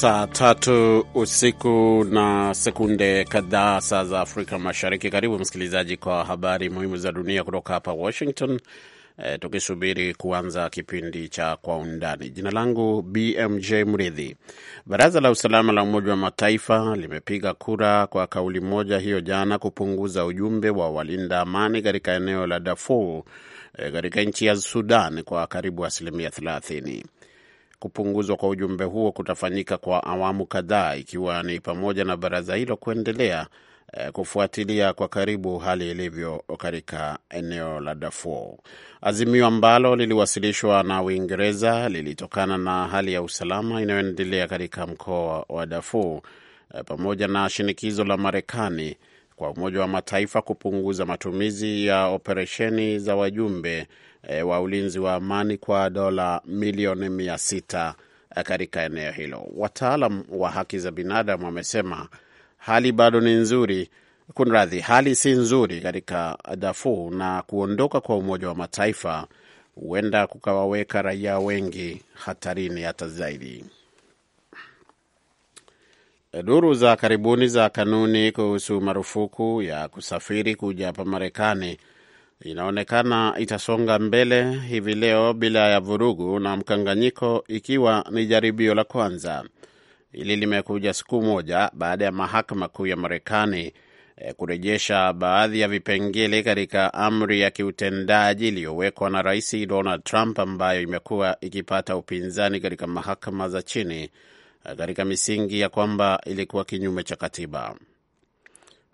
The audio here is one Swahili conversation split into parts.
Saa tatu usiku na sekunde kadhaa, saa za Afrika Mashariki. Karibu msikilizaji, kwa habari muhimu za dunia kutoka hapa Washington. E, tukisubiri kuanza kipindi cha Kwa Undani. Jina langu BMJ Mridhi. Baraza la Usalama la Umoja wa Mataifa limepiga kura kwa kauli moja hiyo jana kupunguza ujumbe wa walinda amani katika eneo la Darfur e, katika nchi ya Sudan kwa karibu asilimia 30. Kupunguzwa kwa ujumbe huo kutafanyika kwa awamu kadhaa, ikiwa ni pamoja na baraza hilo kuendelea eh, kufuatilia kwa karibu hali ilivyo katika eneo la Darfur. Azimio ambalo liliwasilishwa na Uingereza lilitokana na hali ya usalama inayoendelea katika mkoa wa Darfur eh, pamoja na shinikizo la Marekani kwa Umoja wa Mataifa kupunguza matumizi ya operesheni za wajumbe e, wa ulinzi wa amani kwa dola milioni mia sita e, katika eneo hilo. Wataalam wa haki za binadamu wamesema hali bado ni nzuri, kunradhi, hali si nzuri katika dafuu na kuondoka kwa Umoja wa Mataifa huenda kukawaweka raia wengi hatarini hata zaidi. Duru za karibuni za kanuni kuhusu marufuku ya kusafiri kuja hapa Marekani inaonekana itasonga mbele hivi leo bila ya vurugu na mkanganyiko, ikiwa ni jaribio la kwanza. Hili limekuja siku moja baada ya mahakama kuu ya Marekani eh, kurejesha baadhi ya vipengele katika amri ya kiutendaji iliyowekwa na Rais Donald Trump ambayo imekuwa ikipata upinzani katika mahakama za chini katika misingi ya kwamba ilikuwa kinyume cha katiba.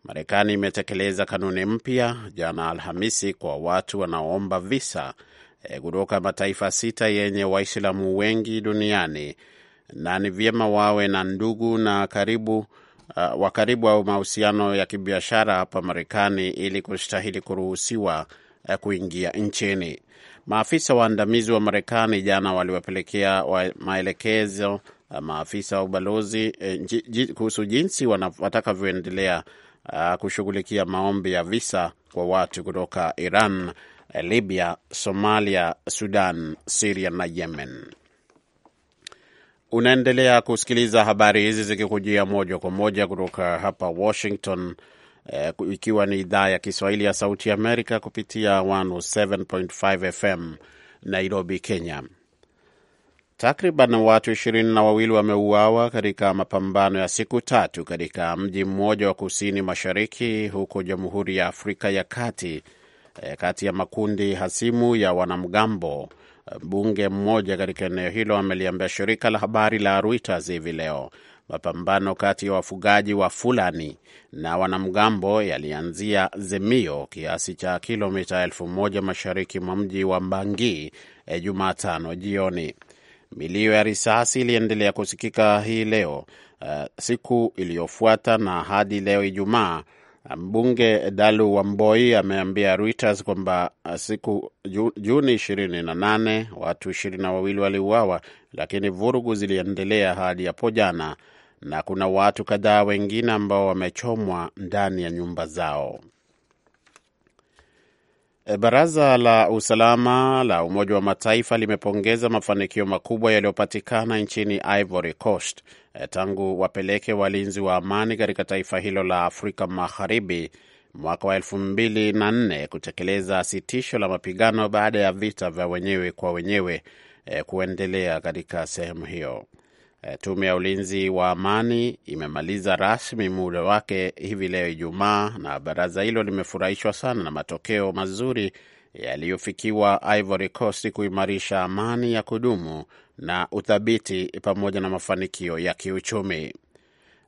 Marekani imetekeleza kanuni mpya jana Alhamisi kwa watu wanaoomba visa e, kutoka mataifa sita yenye Waislamu wengi duniani na ni vyema wawe na ndugu na karibu uh, wa karibu au mahusiano ya kibiashara hapa Marekani ili kustahili kuruhusiwa uh, kuingia nchini. Maafisa waandamizi wa Marekani jana waliwapelekea wa maelekezo Eh, maafisa wa ubalozi e, kuhusu jinsi watakavyoendelea ah, kushughulikia maombi ya visa kwa watu kutoka Iran, eh, Libya, Somalia, Sudan, Siria na Yemen. Unaendelea kusikiliza habari hizi zikikujia moja kwa moja kutoka hapa Washington, e, ikiwa ni idhaa ya Kiswahili ya Sauti Amerika kupitia 107.5 FM Nairobi, Kenya. Takriban watu ishirini na wawili wameuawa katika mapambano ya siku tatu katika mji mmoja wa kusini mashariki huko Jamhuri ya Afrika ya Kati, eh, kati ya makundi hasimu ya wanamgambo. Mbunge mmoja katika eneo hilo ameliambia shirika la habari la Reuters hivi leo mapambano kati ya wafugaji wa Fulani na wanamgambo yalianzia Zemio, kiasi cha kilomita elfu moja mashariki mwa mji wa Mbangi eh, Jumatano jioni. Milio ya risasi iliendelea kusikika hii leo uh, siku iliyofuata na hadi leo Ijumaa. Mbunge Dalu Wamboi ameambia Reuters kwamba uh, siku Juni ishirini na nane watu ishirini na wawili waliuawa, lakini vurugu ziliendelea hadi hapo jana, na kuna watu kadhaa wengine ambao wamechomwa ndani ya nyumba zao. E, Baraza la usalama la Umoja wa Mataifa limepongeza mafanikio makubwa yaliyopatikana nchini Ivory Coast e, tangu wapeleke walinzi wa amani katika taifa hilo la Afrika Magharibi mwaka wa elfu mbili na nne kutekeleza sitisho la mapigano baada ya vita vya wenyewe kwa wenyewe e, kuendelea katika sehemu hiyo. Eh, tume ya ulinzi wa amani imemaliza rasmi muda wake hivi leo Ijumaa, na baraza hilo limefurahishwa sana na matokeo mazuri yaliyofikiwa Ivory Coast kuimarisha amani ya kudumu na uthabiti pamoja na mafanikio ya kiuchumi.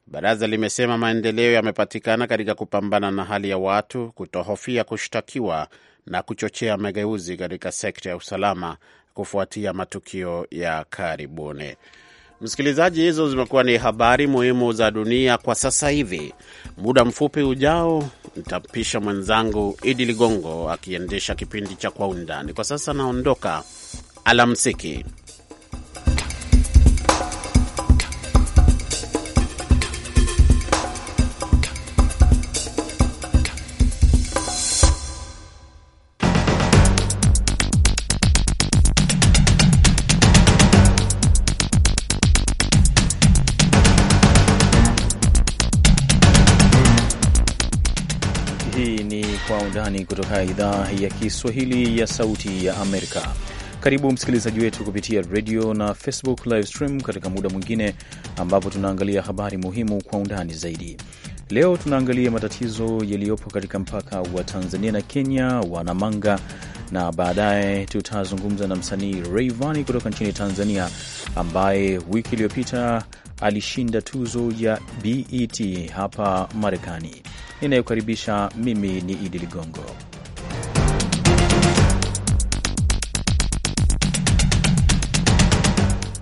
Baraza limesema maendeleo yamepatikana katika kupambana na hali ya watu kutohofia kushtakiwa na kuchochea mageuzi katika sekta ya usalama kufuatia matukio ya karibuni. Msikilizaji, hizo zimekuwa ni habari muhimu za dunia kwa sasa hivi. Muda mfupi ujao nitampisha mwenzangu Idi Ligongo akiendesha kipindi cha Kwa Undani. Kwa sasa naondoka, alamsiki. kutoka idhaa ya Kiswahili ya Sauti ya Amerika. Karibu msikilizaji wetu kupitia radio na Facebook live stream katika muda mwingine ambapo tunaangalia habari muhimu kwa undani zaidi. Leo tunaangalia matatizo yaliyopo katika mpaka wa Tanzania na Kenya wa Namanga, na baadaye tutazungumza na msanii Rayvanny kutoka nchini Tanzania ambaye wiki iliyopita alishinda tuzo ya BET hapa Marekani. Ninayokaribisha mimi ni Idi Ligongo.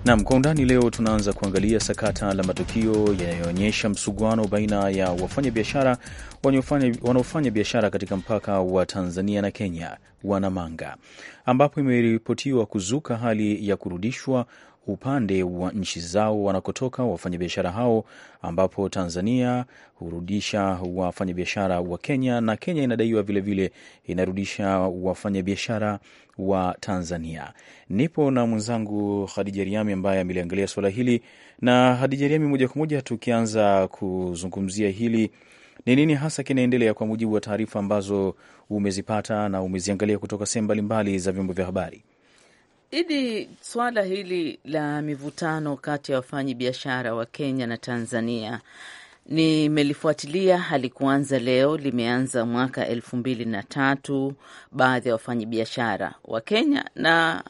Nam kwa undani leo, tunaanza kuangalia sakata la matukio yanayoonyesha msuguano baina ya wafanyabiashara wanaofanya biashara katika mpaka wa Tanzania na Kenya wa Namanga, ambapo imeripotiwa kuzuka hali ya kurudishwa upande wa nchi zao wanakotoka wafanyabiashara hao, ambapo Tanzania hurudisha wafanyabiashara wa Kenya na Kenya inadaiwa vilevile inarudisha wafanyabiashara wa Tanzania. Nipo na mwenzangu Hadija Riami ambaye ameliangalia suala hili. Na Hadija Riami, moja kwa moja tukianza kuzungumzia hili, ni nini hasa kinaendelea kwa mujibu wa taarifa ambazo umezipata na umeziangalia kutoka sehemu mbalimbali za vyombo vya habari? Idi, swala hili la mivutano kati ya wafanyi biashara wa Kenya na Tanzania nimelifuatilia halikuanza leo, limeanza mwaka elfu mbili na tatu. Baadhi ya wafanyi biashara wa Kenya na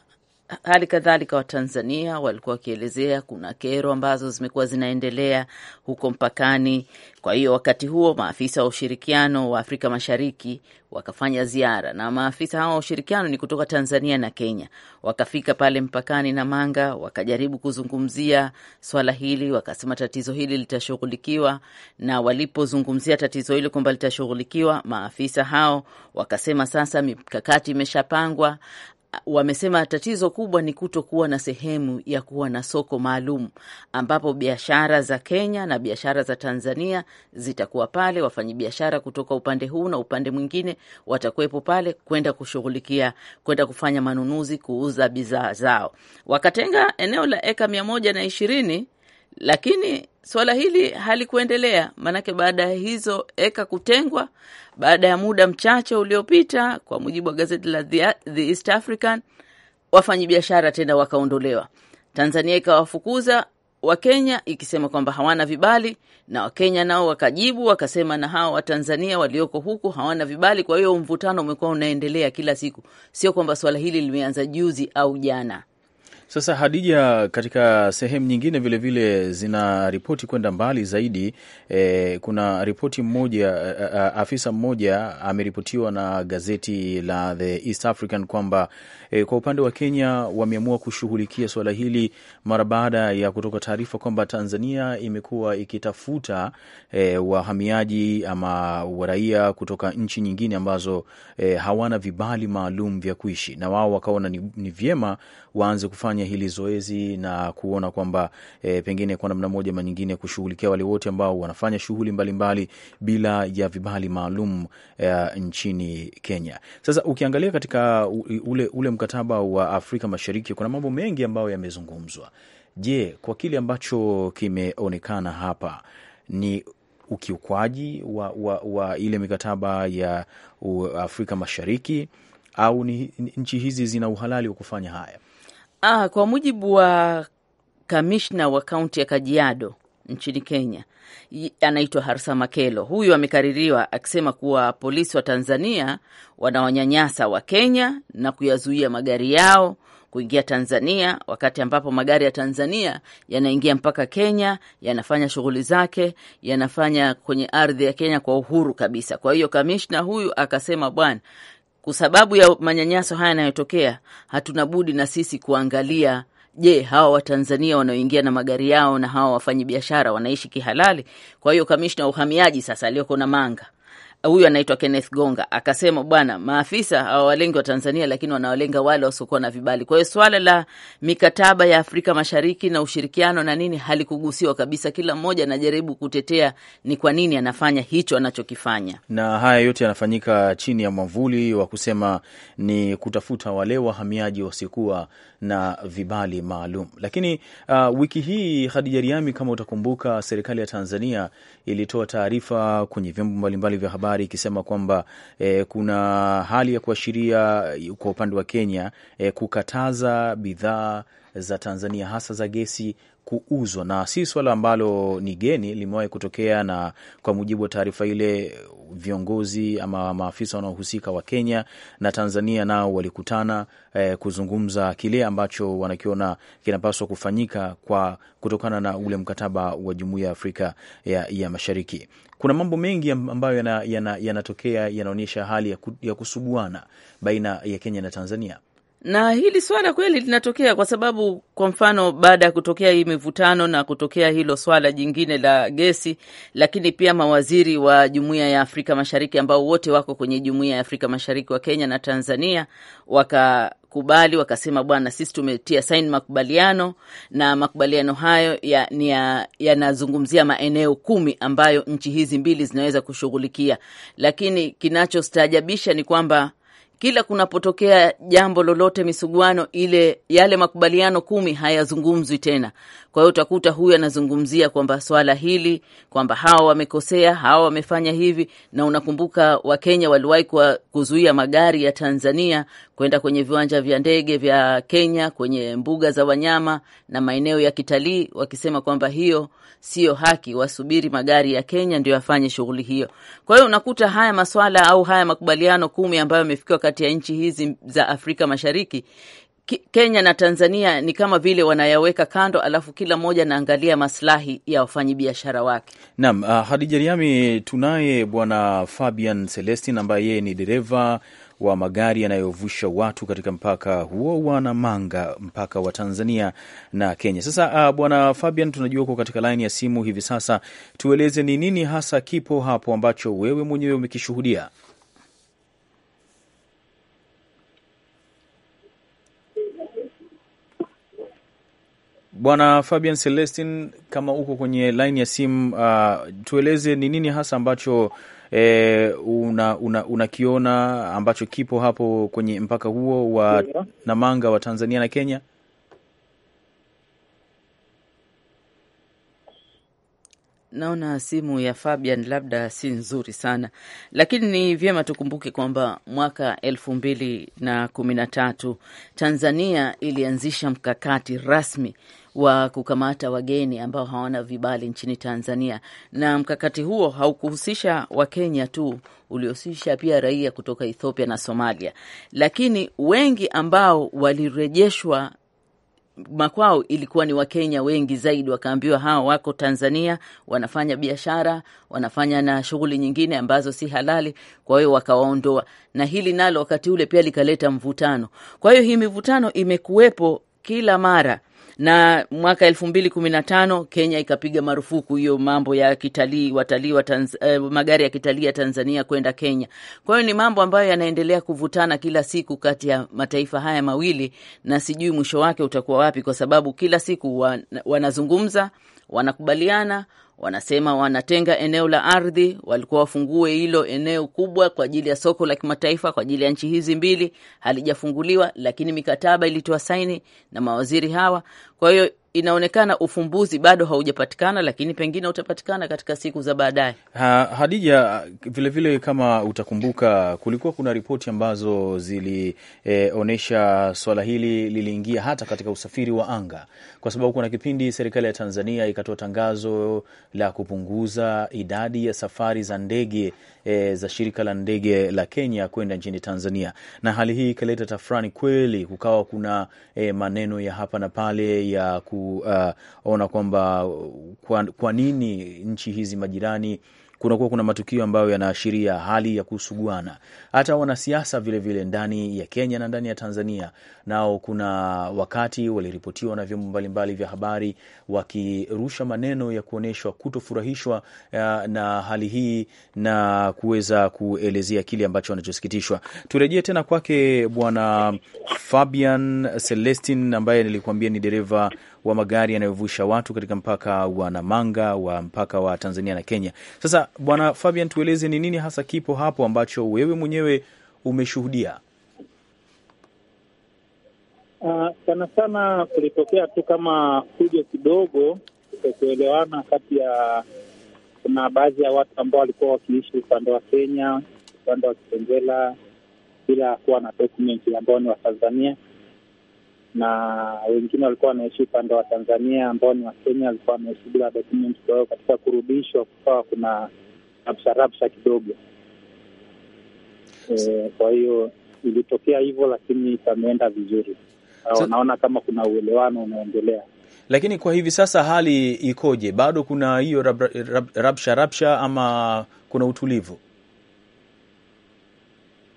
Hali kadhalika Watanzania walikuwa wakielezea kuna kero ambazo zimekuwa zinaendelea huko mpakani. Kwa hiyo wakati huo maafisa wa ushirikiano wa Afrika Mashariki wakafanya ziara, na maafisa hawa wa ushirikiano ni kutoka Tanzania na Kenya. Wakafika pale mpakani na Manga, wakajaribu kuzungumzia swala hili, wakasema tatizo hili litashughulikiwa, na walipozungumzia tatizo hili kwamba litashughulikiwa, maafisa hao wakasema sasa mikakati imeshapangwa wamesema tatizo kubwa ni kutokuwa na sehemu ya kuwa na soko maalum ambapo biashara za Kenya na biashara za Tanzania zitakuwa pale. Wafanyabiashara kutoka upande huu na upande mwingine watakuwepo pale kwenda kushughulikia, kwenda kufanya manunuzi, kuuza bidhaa zao. Wakatenga eneo la eka mia moja na ishirini lakini suala hili halikuendelea, maanake baada ya hizo eka kutengwa, baada ya muda mchache uliopita, kwa mujibu wa gazeti la The East African, wafanyabiashara tena wakaondolewa. Tanzania ikawafukuza Wakenya ikisema kwamba hawana vibali, na Wakenya nao wakajibu wakasema, na hawa Watanzania walioko huku hawana vibali. Kwa hiyo mvutano umekuwa unaendelea kila siku, sio kwamba swala hili limeanza juzi au jana. Sasa Hadija, katika sehemu nyingine vilevile zina ripoti kwenda mbali zaidi. E, kuna ripoti mmoja, eh, eh, afisa mmoja ameripotiwa na gazeti la The East African kwamba E, kwa upande wa Kenya wameamua kushughulikia suala hili mara baada ya kutoka taarifa kwamba Tanzania imekuwa ikitafuta e, wahamiaji ama waraia kutoka nchi nyingine ambazo e, hawana vibali maalum vya kuishi, na wao wakaona ni, ni vyema waanze kufanya hili zoezi na kuona kwamba e, pengine kwa namna moja ama nyingine kushughulikia wale wote ambao wanafanya shughuli mbalimbali bila ya vibali maalum e, nchini Kenya. Sasa ukiangalia katika ule, ule mkataba wa Afrika Mashariki kuna mambo mengi ambayo yamezungumzwa. Je, kwa kile ambacho kimeonekana hapa ni ukiukwaji wa, wa, wa ile mikataba ya Afrika Mashariki au ni nchi hizi zina uhalali wa kufanya haya? Ah, kwa mujibu wa kamishna wa kaunti ya Kajiado nchini Kenya anaitwa Harsa Makelo. Huyu amekaririwa akisema kuwa polisi wa Tanzania wanawanyanyasa wa Kenya na kuyazuia magari yao kuingia Tanzania, wakati ambapo magari ya Tanzania yanaingia mpaka Kenya, yanafanya shughuli zake, yanafanya kwenye ardhi ya Kenya kwa uhuru kabisa. Kwa hiyo kamishna huyu akasema, bwana, kwa sababu ya manyanyaso haya yanayotokea, hatuna budi na sisi kuangalia je, hawa Watanzania wanaoingia na magari yao na hawa wafanyi biashara wanaishi kihalali? Kwa hiyo kamishna wa uhamiaji sasa aliyoko na manga huyu anaitwa Kenneth Gonga akasema, bwana, maafisa hawawalengi wa Tanzania, lakini wanawalenga wale wasiokuwa na vibali. Kwa hiyo swala la mikataba ya Afrika Mashariki na ushirikiano na nini halikugusiwa kabisa. Kila mmoja anajaribu kutetea ni kwa nini anafanya hicho anachokifanya, na haya yote yanafanyika chini ya mwavuli wa kusema ni kutafuta wale wahamiaji wasiokuwa na vibali maalum. Lakini uh, wiki hii Khadija Riami, kama utakumbuka, serikali ya Tanzania ilitoa taarifa kwenye vyombo mbalimbali vya habari ikisema kwamba eh, kuna hali ya kuashiria kwa upande wa Kenya eh, kukataza bidhaa za Tanzania hasa za gesi kuuzwa, na si swala ambalo ni geni, limewahi kutokea, na kwa mujibu wa taarifa ile, viongozi ama maafisa wanaohusika wa Kenya na Tanzania nao walikutana eh, kuzungumza kile ambacho wanakiona kinapaswa kufanyika kwa kutokana na ule mkataba wa Jumuiya ya Afrika ya, ya Mashariki. Kuna mambo mengi ambayo yanatokea, yana, yana yanaonyesha hali ya, ku, ya kusuguana baina ya Kenya na Tanzania na hili swala kweli linatokea kwa sababu, kwa mfano, baada ya kutokea hii mivutano na kutokea hilo swala jingine la gesi, lakini pia mawaziri wa Jumuiya ya Afrika Mashariki ambao wote wako kwenye Jumuiya ya Afrika Mashariki wa Kenya na Tanzania waka kubali wakasema, bwana, sisi tumetia saini makubaliano na makubaliano hayo yanazungumzia ya, ya maeneo kumi ambayo nchi hizi mbili zinaweza kushughulikia, lakini kinachostaajabisha ni kwamba kila kunapotokea jambo lolote, misuguano ile, yale makubaliano kumi hayazungumzwi tena. Kwa hiyo utakuta huyu anazungumzia kwamba swala hili kwamba hawa wamekosea, hawa wamefanya hivi, na unakumbuka Wakenya waliwahi kuzuia magari ya Tanzania kwenda kwenye viwanja vya ndege vya Kenya, kwenye mbuga za wanyama na maeneo ya kitalii, wakisema kwamba hiyo siyo haki, wasubiri magari ya Kenya ndio yafanye shughuli hiyo. Kwa hiyo unakuta haya maswala au haya makubaliano kumi ambayo yamefikiwa kati ya nchi hizi za Afrika Mashariki Kenya na Tanzania ni kama vile wanayaweka kando, alafu kila mmoja anaangalia maslahi ya wafanyabiashara wake. Naam, uh, Hadija Riami, tunaye bwana Fabian Celestin ambaye yeye ni dereva wa magari yanayovusha watu katika mpaka huo wa Namanga, mpaka wa Tanzania na Kenya. Sasa uh, bwana Fabian, tunajua uko katika laini ya simu hivi sasa, tueleze ni nini hasa kipo hapo ambacho wewe mwenyewe umekishuhudia. Bwana Fabian Celestin, kama uko kwenye laini ya simu, uh, tueleze ni nini hasa ambacho eh, unakiona una, una ambacho kipo hapo kwenye mpaka huo wa Namanga wa Tanzania na Kenya. Naona simu ya Fabian labda si nzuri sana, lakini ni vyema tukumbuke kwamba mwaka elfu mbili na kumi na tatu Tanzania ilianzisha mkakati rasmi wa kukamata wageni ambao hawana vibali nchini Tanzania, na mkakati huo haukuhusisha Wakenya tu, uliohusisha pia raia kutoka Ethiopia na Somalia, lakini wengi ambao walirejeshwa makwao ilikuwa ni Wakenya wengi zaidi, wakaambiwa hawa wako Tanzania, wanafanya biashara, wanafanya na shughuli nyingine ambazo si halali, kwa hiyo wakawaondoa. Na hili nalo wakati ule pia likaleta mvutano. Kwa hiyo hii mivutano imekuwepo kila mara na mwaka elfu mbili kumi na tano Kenya ikapiga marufuku hiyo mambo ya kitalii watalii wa eh, magari ya kitalii ya Tanzania kwenda Kenya. Kwa hiyo ni mambo ambayo yanaendelea kuvutana kila siku kati ya mataifa haya mawili, na sijui mwisho wake utakuwa wapi, kwa sababu kila siku wanazungumza wanakubaliana, wanasema wanatenga eneo la ardhi, walikuwa wafungue hilo eneo kubwa kwa ajili ya soko la kimataifa kwa ajili ya nchi hizi mbili, halijafunguliwa, lakini mikataba ilitoa saini na mawaziri hawa. Kwa hiyo inaonekana ufumbuzi bado haujapatikana, lakini pengine utapatikana katika siku za baadaye. Ha, Hadija, vilevile vile kama utakumbuka, kulikuwa kuna ripoti ambazo zilionyesha e, swala hili liliingia hata katika usafiri wa anga, kwa sababu kuna kipindi serikali ya Tanzania ikatoa tangazo la kupunguza idadi ya safari za ndege e, za shirika la ndege la Kenya kwenda nchini Tanzania, na hali hii ikaleta tafrani kweli, kukawa kuna e, maneno ya hapa na pale ya ku kuona uh, kwamba uh, kwa, kwa nini nchi hizi majirani kunakuwa kuna matukio ambayo yanaashiria hali ya kusuguana. Hata wanasiasa vilevile ndani ya Kenya na ndani ya Tanzania nao kuna wakati waliripotiwa na vyombo mbalimbali vya habari wakirusha maneno ya kuonyeshwa kutofurahishwa uh, na hali hii na kuweza kuelezea kile ambacho wanachosikitishwa. Turejee tena kwake Bwana Fabian Celestin ambaye nilikuambia ni dereva wa magari yanayovusha watu katika mpaka wa Namanga wa mpaka wa Tanzania na Kenya. Sasa Bwana Fabian, tueleze ni nini hasa kipo hapo ambacho wewe mwenyewe umeshuhudia? Uh, sana sana kulitokea tu kama kuja kidogo kutokuelewana kati ya kuna baadhi ya watu ambao walikuwa wakiishi upande wa Kenya, upande wa Kitengela bila kuwa na dokumenti ambao ni Watanzania na wengine walikuwa wanaishi upande wa Tanzania ambao ni Wakenya walikuwa wanaishi bila dokumenti. Kwa hiyo katika kurudishwa kukawa kuna rabsha rabsha kidogo e, kwa hiyo ilitokea hivyo, lakini pameenda vizuri. Wanaona kama kuna uelewano unaendelea lakini kwa hivi sasa hali ikoje? Bado kuna hiyo rabsha rabsha ama kuna utulivu?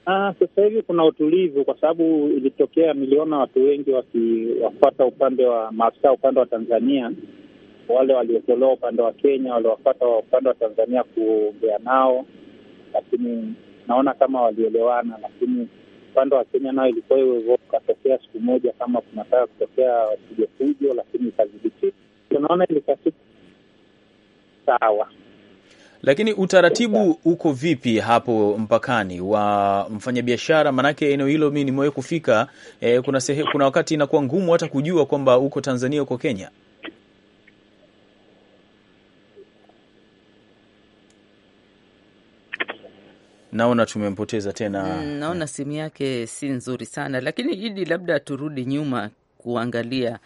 Ah, sasa hivi kuna utulivu kwa sababu ilitokea, niliona watu wengi wakiwafata upande wa maafisa upande wa Tanzania, wale waliotolewa upande wa Kenya waliwafata upande wa Tanzania kuongea nao, lakini naona kama walielewana, lakini upande wa Kenya nao ilikuwa hiyo hivyo, ukatokea siku moja kama kunataka kutokea fujo fujo, lakini ikadhibiti. Tunaona ilikuwa sawa. Lakini utaratibu uko vipi hapo mpakani wa mfanyabiashara? Maanake eneo hilo mi nimewahi kufika e, kuna sehe, kuna wakati inakuwa ngumu hata kujua kwamba uko Tanzania uko Kenya. Naona tumempoteza tena, mm, naona simu yake si nzuri sana, lakini Idi, labda turudi nyuma kuangalia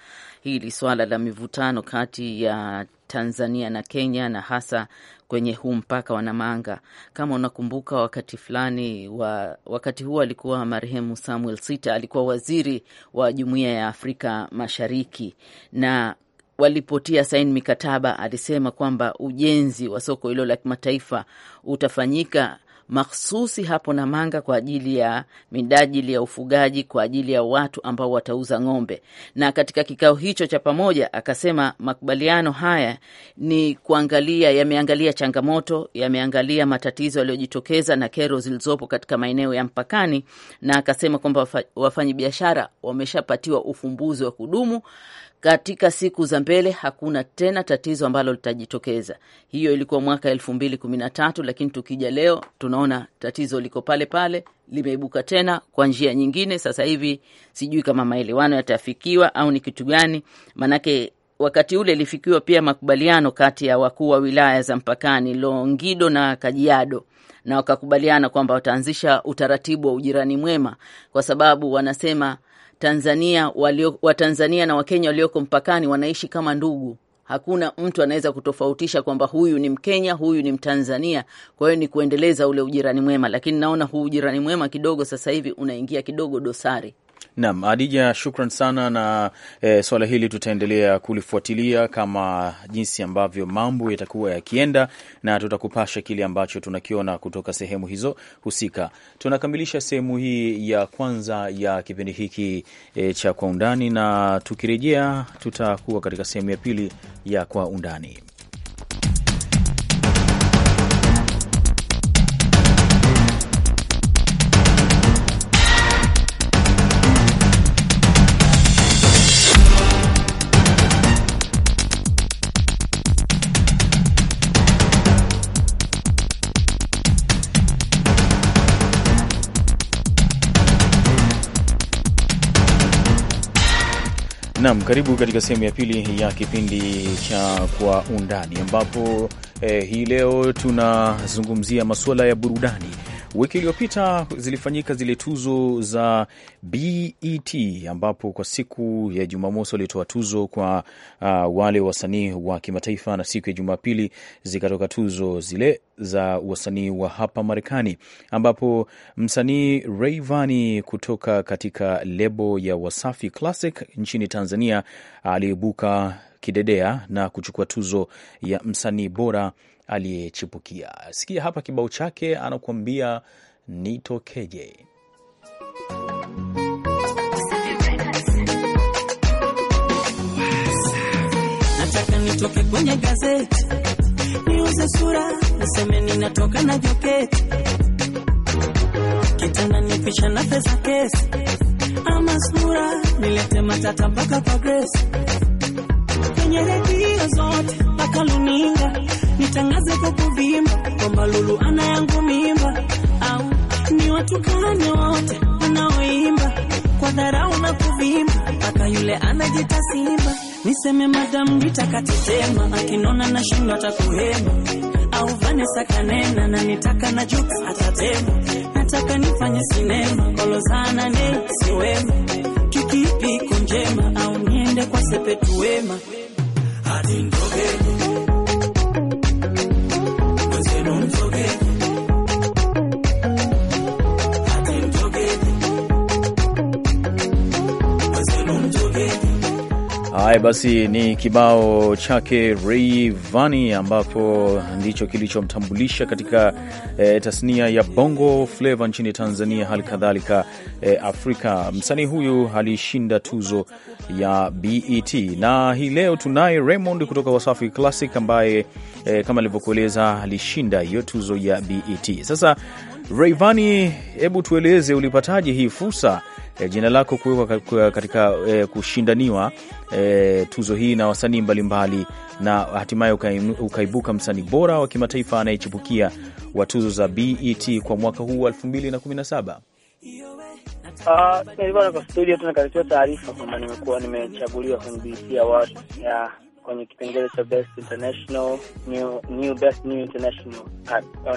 hili suala la mivutano kati ya Tanzania na Kenya na hasa kwenye huu mpaka wa Namanga. Kama unakumbuka, wakati fulani wa wakati huo alikuwa marehemu Samuel Sita alikuwa waziri wa Jumuiya ya Afrika Mashariki na walipotia saini mikataba alisema kwamba ujenzi wa soko hilo la kimataifa utafanyika mahsusi hapo Namanga kwa ajili ya midajili ya ufugaji kwa ajili ya watu ambao watauza ng'ombe. Na katika kikao hicho cha pamoja, akasema makubaliano haya ni kuangalia, yameangalia changamoto, yameangalia matatizo yaliyojitokeza na kero zilizopo katika maeneo ya mpakani, na akasema kwamba wafanyabiashara wameshapatiwa ufumbuzi wa kudumu katika siku za mbele hakuna tena tatizo ambalo litajitokeza. Hiyo ilikuwa mwaka elfu mbili kumi na tatu, lakini tukija leo tunaona tatizo liko pale pale, limeibuka tena kwa njia nyingine. Sasa hivi sijui kama maelewano yatafikiwa au ni kitu gani, maanake wakati ule ilifikiwa pia makubaliano kati ya wakuu wa wilaya za mpakani Longido na Kajiado na wakakubaliana kwamba wataanzisha utaratibu wa ujirani mwema, kwa sababu wanasema Tanzania walio, Watanzania na Wakenya walioko mpakani wanaishi kama ndugu. Hakuna mtu anaweza kutofautisha kwamba huyu ni Mkenya, huyu ni Mtanzania. Kwa hiyo ni kuendeleza ule ujirani mwema, lakini naona huu ujirani mwema kidogo sasa hivi unaingia kidogo dosari. Naam, Adija, shukran sana na e, swala hili tutaendelea kulifuatilia kama jinsi ambavyo mambo yatakuwa yakienda, na tutakupasha kile ambacho tunakiona kutoka sehemu hizo husika. Tunakamilisha sehemu hii ya kwanza ya kipindi hiki e, cha Kwa Undani, na tukirejea tutakuwa katika sehemu ya pili ya Kwa Undani. Naam, karibu katika sehemu ya pili ya kipindi cha Kwa Undani ambapo eh, hii leo tunazungumzia masuala ya burudani Wiki iliyopita zilifanyika zile tuzo za BET ambapo kwa siku ya Jumamosi walitoa tuzo kwa uh, wale wasanii wa kimataifa na siku ya Jumapili zikatoka tuzo zile za wasanii wa hapa Marekani, ambapo msanii Rayvanny kutoka katika lebo ya Wasafi Classic nchini Tanzania aliibuka kidedea na kuchukua tuzo ya msanii bora aliyechipukia. Sikia hapa kibao chake, anakuambia nitokeje. Nataka nitoke kwenye gazeti, niuze sura, niseme ninatoka na joketi, kitanda nipisha na pesa kesi, ama sura nilete matata mpaka kwa Grace, kwenye redio zote mpaka luninga nitangaze kwa kuvimba kwamba Lulu ana yangu mimba, au ni watu gani wote wanaoimba kwa dharau na kuvimba mpaka yule anajita simba? Niseme madam nitakatetema, akinona na shindo atakuhema, au Vanessa kanena na nitaka na Jux atatema, nataka nifanye sinema kolozana ne siwema, kiki njema, au niende kwa sepetu wema hadi Haya basi, ni kibao chake Vani ambapo ndicho kilichomtambulisha katika e, tasnia ya Bongo Flava nchini Tanzania, hali kadhalika e, Afrika. Msanii huyu alishinda tuzo ya BET, na hii leo tunaye Raymond kutoka Wasafi Classic ambaye e, kama alivyokueleza alishinda hiyo tuzo ya BET. Sasa Rayvanny, hebu tueleze ulipataje hii fursa e, jina lako kuwekwa katika e, kushindaniwa e, tuzo hii na wasanii mbalimbali na hatimaye ukaibuka msanii bora wa kimataifa anayechipukia wa tuzo za BET kwa mwaka huu wa 2017. Uh, ah, studio tunakaletea taarifa kwamba nimekuwa nimechaguliwa kwenye BET Awards ya kwenye kipengele cha best international new new best new international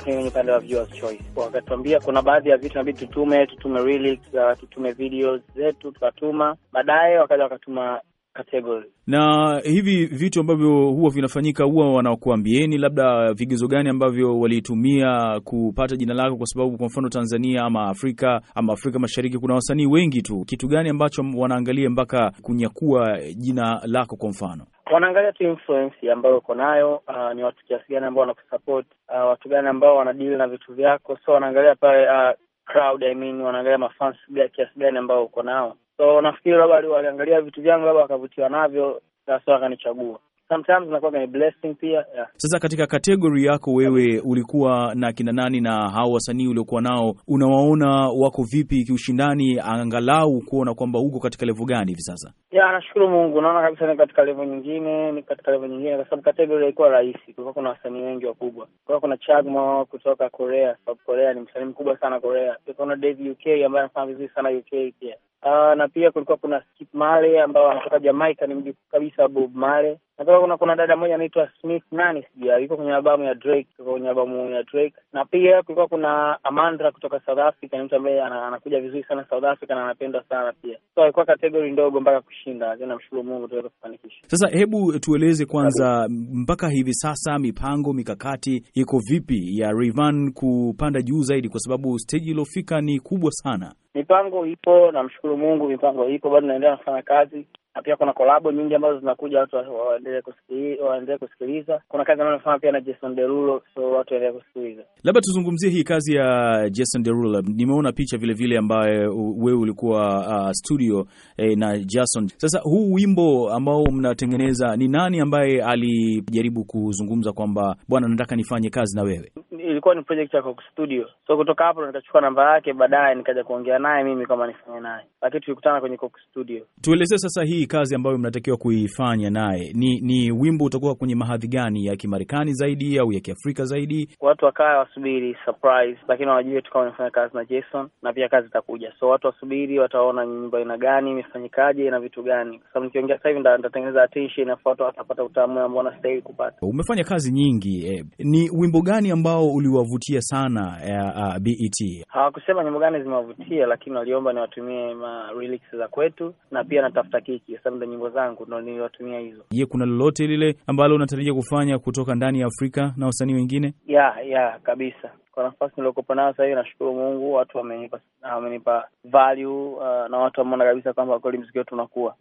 kwenye upande wa viewers choice wakatuambia kuna baadhi ya vitu nabidi tutume tutume uh, tutume videos zetu tukatuma. Baadaye wakaja wakatuma category. Na hivi vitu ambavyo huwa vinafanyika huwa wanakuambieni labda vigezo gani ambavyo walitumia kupata jina lako, kwa sababu kwa mfano Tanzania ama Afrika ama Afrika Mashariki kuna wasanii wengi tu, kitu gani ambacho wanaangalia mpaka kunyakua jina lako? Kwa mfano wanaangalia tu influence ambayo uko nayo. Uh, ni watu kiasi gani ambao wanakusupport, uh, watu gani ambao wanadili na vitu vyako, so wanaangalia pale uh, crowd I mean, wanaangalia mafans kiasi gani ambao uko nao so nafikiri labda waliangalia vitu vyangu labda wakavutiwa navyo, sasa wakanichagua. Sometimes inakuwa ni blessing pia yeah. Sasa katika kategori yako wewe ulikuwa na kina nani na hao wasanii uliokuwa nao unawaona wako vipi kiushindani, angalau kuona kwamba uko katika level gani hivi sasa? Yeah, nashukuru Mungu, naona kabisa ni katika level nyingine, ni katika level nyingine, kwa sababu kategori ilikuwa rahisi. Kulikuwa kuna wasanii wengi wakubwa, kulikuwa kuna chagma kutoka Korea, sababu Korea ni msanii mkubwa sana Korea. Kulikuwa kuna Dave UK ambaye anafanya vizuri sana UK pia uh, na pia kulikuwa kuna Skip Marley ambao anatoka Jamaica, ni mjukuu kabisa wa Bob Marley Nataka kuna kuna dada mmoja anaitwa Smith nani sijui, yuko kwenye albamu ya Drake, yuko kwenye albamu ya Drake. Na pia kulikuwa kuna Amandra kutoka South Africa, ni mtu ambaye anakuja vizuri sana South Africa na anapendwa sana pia, so alikuwa kategori ndogo mpaka kushinda. Namshukuru Mungu tuweza kufanikisha. Sasa hebu tueleze kwanza, mpaka hivi sasa mipango mikakati iko vipi ya Rayvanny kupanda juu zaidi, kwa sababu stage iliyofika ni kubwa sana? Mipango ipo, namshukuru Mungu, mipango ipo, bado naendelea kufanya kazi na pia kuna kolabo nyingi ambazo zinakuja, watu waendelee kusikiliza, kusikiliza. Kuna kazi ambayo nafanya pia na Jason Derulo, so watu waendelee kusikiliza. Labda tuzungumzie hii kazi ya Jason Derulo. Nimeona picha vile vile ambayo wewe ulikuwa uh, studio eh, na Jason. Sasa huu wimbo ambao mnatengeneza, ni nani ambaye alijaribu kuzungumza kwamba bwana, nataka nifanye kazi na wewe? Ilikuwa ni project ya Coke Studio, so kutoka hapo nikachukua namba yake, baadaye nikaja kuongea naye mimi kama nifanye naye, lakini tulikutana kwenye Coke Studio. Tuelezee sasa hii hii kazi ambayo mnatakiwa kuifanya naye ni, ni wimbo utakuwa kwenye mahadhi gani ya Kimarekani zaidi au ya Kiafrika zaidi? Watu wakaa wasubiri surprise, lakini wanajua kama tunafanya kazi na Jason na pia kazi itakuja, so watu wasubiri, wataona nyimbo aina gani imefanyikaje na vitu gani, kwa sababu nikiongea sasa hivi nitatengeneza attention, afu watu watapata utamu ambao wanastahili kupata. Umefanya kazi nyingi eh, ni wimbo gani ambao uliwavutia sana eh, uh, ah, BET? Hawakusema nyimbo gani zimewavutia, lakini waliomba niwatumie ma lyrics za kwetu na pia natafuta kiki hesabu za nyimbo zangu ndo niliwatumia hizo. Je, kuna lolote lile ambalo unatarajia kufanya kutoka ndani ya Afrika na wasanii wengine? ya ya kabisa kwa nafasi niliokopa nayo sasa hivi, nashukuru Mungu, watu wamenipa wamenipa value uh, na watu wameona kabisa kwamba kweli mziki wetu unakuwa,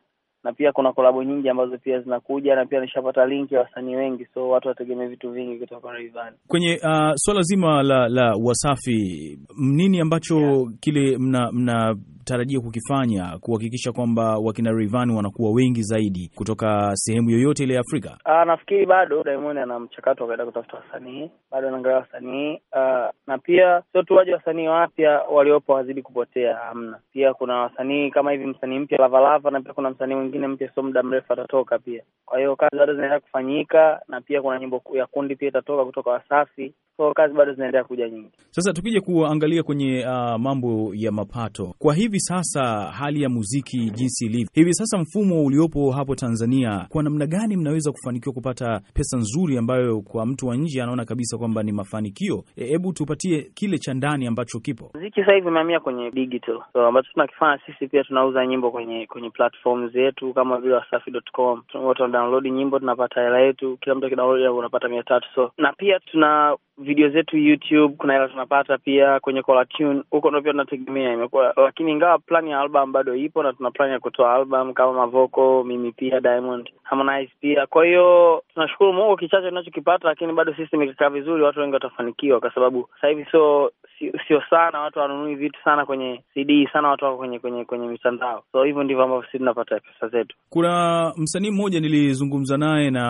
na pia kuna kolabo nyingi ambazo pia zinakuja, na pia nishapata linki ya wasanii wengi, so watu wategemee vitu vingi kutoka Rayvanny kwenye uh, swala so zima la la Wasafi. Nini ambacho yeah, kile mna mna wanatarajia kukifanya kuhakikisha kwamba wakina Rayvanny wanakuwa wengi zaidi kutoka sehemu yoyote ile ya Afrika? Aa, ah, nafikiri bado Diamond ana mchakato wa kutafuta wasanii, bado anaangalia wasanii ah, na pia sio tu waje wasanii wapya waliopo wazidi kupotea, hamna. Pia kuna wasanii kama hivi, msanii mpya Lavalava, na pia kuna msanii mwingine mpya sio muda mrefu atatoka pia. Kwa hiyo kazi bado zinaendelea kufanyika, na pia kuna nyimbo ya kundi pia itatoka kutoka Wasafi kwa kazi bado zinaendelea kuja nyingi. Sasa tukija kuangalia kwenye uh, mambo ya mapato kwa hivi sasa, hali ya muziki jinsi ilivyo hivi sasa, mfumo uliopo hapo Tanzania, kwa namna gani mnaweza kufanikiwa kupata pesa nzuri ambayo kwa mtu wa nje anaona kabisa kwamba ni mafanikio? Hebu e, tupatie kile cha ndani ambacho kipo. Muziki sasa hivi umehamia kwenye digital, so ambacho tunakifanya sisi pia tunauza nyimbo kwenye kwenye platform zetu kama vile wasafi.com, watu wanadownload nyimbo, tunapata hela yetu, kila mtu akidownload unapata mia tatu so na pia tuna video zetu YouTube, kuna hela tunapata pia kwenye Kola Tune, huko ndio pia tunategemea imekuwa, lakini ingawa plan ya album bado ipo na tuna plan ya kutoa album kama Mavoko, mimi pia Diamond, Harmonize pia. Kwa hiyo tunashukuru Mungu kichache tunachokipata, lakini bado system ikikaa vizuri, watu wengi watafanikiwa, kwa sababu sasa hivi sio sio, sana watu wanunui vitu sana kwenye CD, sana watu wako kwenye kwenye kwenye mitandao, so hivyo ndivyo ambavyo sisi tunapata pesa zetu. Kuna msanii mmoja nilizungumza naye na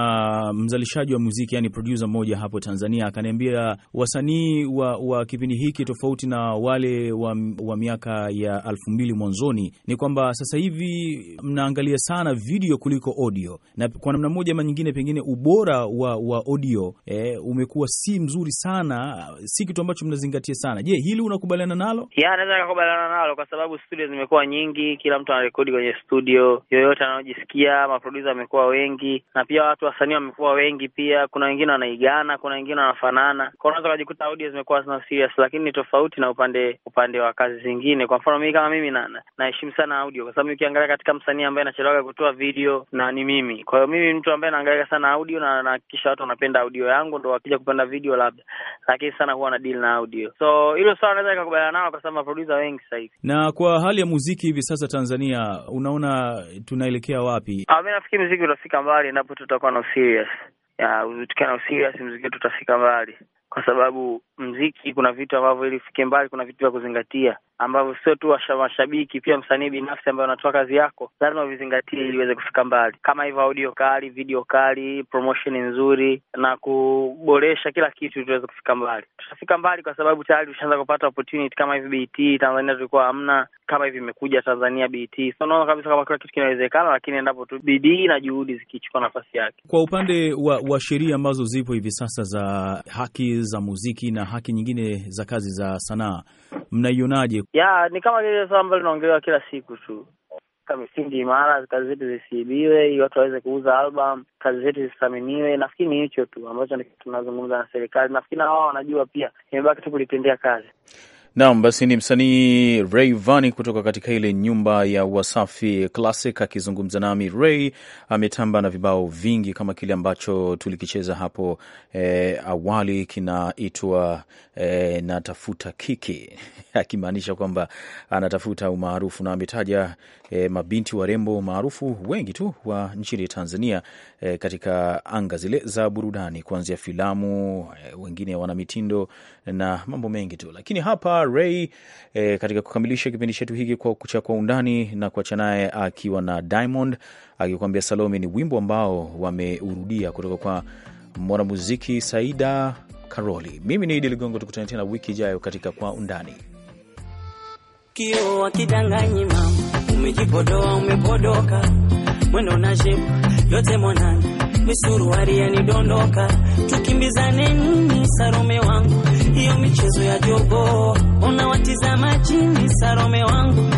mzalishaji wa muziki, yani producer mmoja hapo Tanzania, akaniambia wasanii wa, wa kipindi hiki tofauti na wale wa, wa miaka ya elfu mbili mwanzoni ni kwamba sasa hivi mnaangalia sana video kuliko audio, na kwa namna moja ama nyingine pengine ubora wa, wa audio eh, umekuwa si mzuri sana, si kitu ambacho mnazingatia sana sana. Je, hili unakubaliana nalo? Ya, naweza nikakubaliana nalo kwa sababu studio zimekuwa nyingi, kila mtu anarekodi kwenye studio yoyote anayojisikia. Maprodusa wamekuwa wengi na pia watu wasanii wamekuwa wengi pia. Kuna wengine wanaigana, kuna wengine wanafanana, kwa unaweza ukajikuta audio zimekuwa zina serious, lakini ni tofauti na upande upande wa kazi zingine. Kwa mfano mimi kama mimi naheshimu na sana audio, kwa sababu ukiangalia katika msanii ambaye anachelewaga kutoa video na ni mimi. Kwa hiyo mimi mtu ambaye naangalia sana audio na nahakikisha watu wanapenda audio yangu, ndo wakija kupenda video labda, lakini sana huwa na deal na audio so hilo sawa, naweza nikakubaliana nao kwa sababu maprodusa wengi sasa hivi. Na kwa hali ya muziki hivi sasa Tanzania, unaona tunaelekea wapi? Ah, mi nafikiri muziki utafika mbali endapo tutakuwa na serious tukiwa na serious, muziki wetu utafika mbali, kwa sababu mziki kuna vitu ambavyo ili ufike mbali, kuna vitu vya kuzingatia ambavyo sio tu mashabiki, pia msanii binafsi ambaye unatoa kazi yako, lazima uvizingatie ili iweze kufika mbali, kama hivyo audio kali, video kali, promotion nzuri na kuboresha kila kitu, tuweze kufika mbali. Tutafika mbali kwa sababu tayari tushaanza kupata opportunity kama hivi BT Tanzania tulikuwa hamna, kama hivi imekuja Tanzania BT. So unaona kabisa kama kila kitu kinawezekana, lakini endapo tu bidii na juhudi zikichukua nafasi yake. Kwa upande wa, wa sheria ambazo zipo hivi sasa za haki za muziki na haki nyingine za kazi za sanaa, mnaionaje? ya ni kama lile swala ambalo linaongelewa kila siku tu misingi imara, kazi zetu zisiibiwe, ili watu waweze kuuza album, kazi zetu zisithaminiwe. Nafikiri ni hicho tu ambacho tunazungumza na serikali, nafikiri na wao wanajua pia, imebaki tu kulitendea kazi. Naam, basi ni msanii Vani kutoka katika ile nyumba ya Wasafi Classic akizungumza nami. Ray ametamba na vibao vingi kama kile ambacho tulikicheza hapo e, awali kinaitwa e, natafuta kiki akimaanisha kwamba anatafuta umaarufu na ametaja e, mabinti warembo maarufu wengi tu wa nchini Tanzania e, katika anga zile za burudani, kuanzia filamu e, wengine wana mitindo na mambo mengi tu. Lakini hapa Ray e, katika kukamilisha kipindi chetu hiki cha kwa undani na kuacha naye akiwa na Diamond akikuambia Salome, ni wimbo ambao wameurudia kutoka kwa mwanamuziki Saida Karoli. Mimi ni Idi Ligongo, tukutane tena wiki ijayo katika kwa undani. wakidanganyi mama, umejipodoa umepodoka, mwendo na shepu yote mwanani, misuruari yanidondoka, tukimbizane nini Sarome wangu, hiyo michezo ya jogoo unawatizama chini Sarome wangu,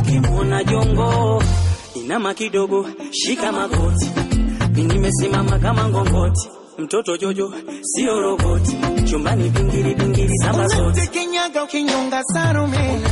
ukimwona jongo inama kidogo, shika magoti, nimesimama kama ngongoti Mtoto Jojo sio roboti, chumbani pingili pingili, samba zote, ukinyonga Sarume